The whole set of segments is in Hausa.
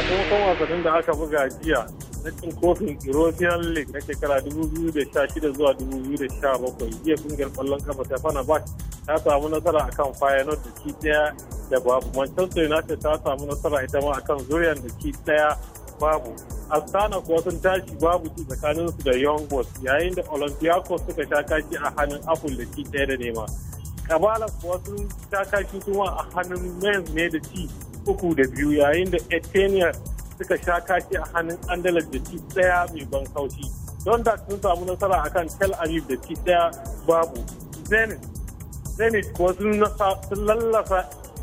sakamakon wasannin da aka buga jiya na cin kofin european league na shekara 2016 zuwa 2017 jiya kungiyar kwallon kafa ta fanabat ta samu nasara akan feyenoord da ki daya da babu manchester united ta samu nasara ita ma akan zuriyar da ki daya babu astana kuwa sun tashi babu ci tsakaninsu da young boys yayin da olympiacos suka sha kashi a hannun apple da ki daya da nema kabala kuwa sun sha kashi kuma a hannun mens ne da ci uku da biyu yayin da etenia suka sha kashi a hannun andalus da ci daya mai ban kaushi don da sun samu nasara akan tel aviv da ci daya babu zenit zenit kuwa sun lallasa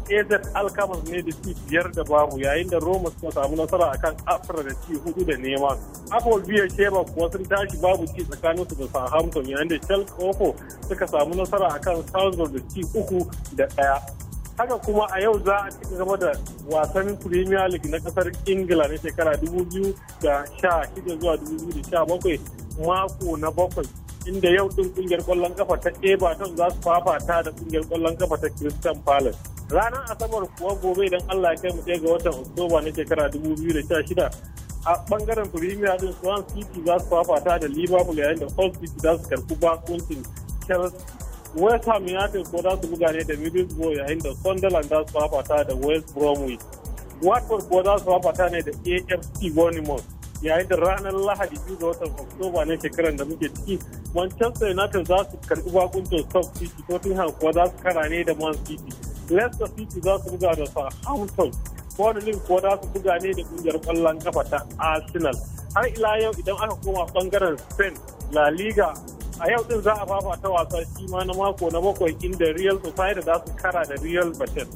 az alkamas ne da ci biyar da babu yayin da roma suka samu nasara akan afra da ci hudu da nema apple biya sheba kuwa sun tashi babu ci tsakaninsu da southampton yayin da shell koko suka samu nasara akan salzburg da ci uku da daya haka kuma a yau za a cika gaba da wasan premier league na kasar ingila na shekara 2016 zuwa 2017 mako na bakwai inda yau din kungiyar kwallon kafa ta everton za su fafata da kungiyar kwallon kafa ta christian palace ranar asabar kuwa gobe idan allah ya kai mu ga watan oktoba na shekara 2016 a bangaren premier din swan city za su fafata da liverpool yayin da hull city za su karbi bakuncin chelsea west ham united ko za su buga ne da middlesbrough yayin da sunderland za su hafata da west bromwich watford ko za su hafata ne da afc bournemouth yayin da ranar lahadi biyu ga watan oktoba ne shekarar da muke ciki manchester united za su karbi bakuncin stoke city tottenham ko za su kara ne da man city leicester city za su buga da southampton Burnley ko za su buga ne da kungiyar kwallon kafa ta arsenal har ila yau idan aka koma bangaren spain la liga a yau din za a fafata wasa shi na mako na bakwai inda real society za su kara da real batis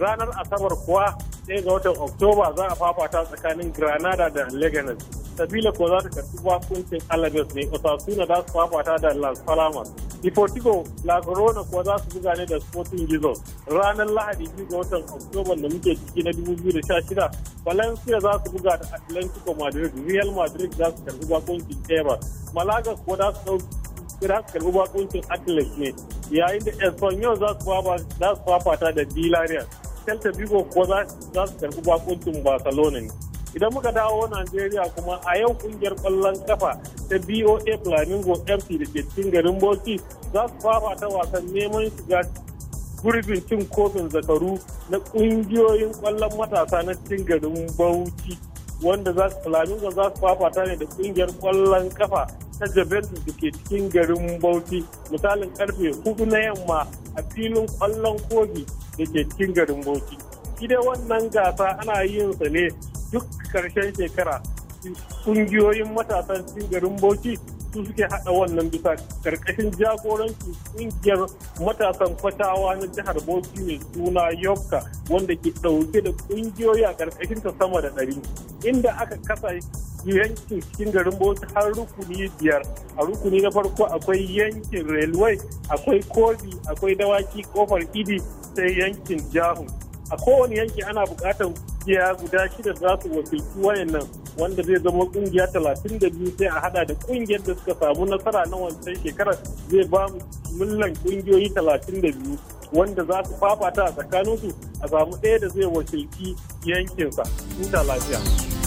ranar asabar kuwa ɗaya ga watan oktoba za a fafata tsakanin granada da leganes sabila ko za ta karɓi bakuncin alabes ne osasuna za su ta da las palamas Deportivo La Corona kuwa za su buga ne da Sporting gizo Ranar Lahadi biyu ga watan Oktoba da muke ciki na 2016, Valencia za su buga da Atlantico Madrid, Real Madrid za su karbi bakuncin Teba. Malaga kuwa za su ɗauki kira da karbi bakuncin atlas ne yayin da espanyol za su fafata da villarreal celta vigo ko za su karbi bakuncin barcelona ne idan muka dawo nigeria kuma a yau kungiyar kwallon kafa ta BOA Flamingo mc da ke cikin garin Bauchi za su fafata wasan neman shiga gurbin cin kofin zakaru na kungiyoyin kwallon matasa na cikin garin Bauchi wanda za su Flamingo za su fafata ne da kungiyar kwallon kafa ta jabel da ke cikin garin bauchi misalin karfe hudu na yamma a filin kwallon kogi da ke cikin garin bauchi shi dai wannan gasa ana yin sa ne duk karshen shekara ƙungiyoyin matasan cikin garin bauchi su suke haɗa wannan bisa karkashin jagorancin ƙungiyar matasan fatawa na jihar Bauchi mai suna yorka wanda ke ɗauke da ƙungiyoyi a karkashin ta sama da ɗari inda aka kasa yankin cikin garin Bauchi har rukuni biyar a rukuni na farko akwai yankin railway akwai kobi akwai dawaki kofar idi sai yankin jahu a kowane yanki ana bukatar kungiya guda shida za su wakilci wayannan wanda zai zama kungiya talatin da biyu sai a hada da kungiyar da suka samu nasara na wancan shekarar zai ba mu millan kungiyoyi talatin da biyu wanda za su fafata a tsakaninsu a samu ɗaya da zai wakilci yankinsa. ta lafiya.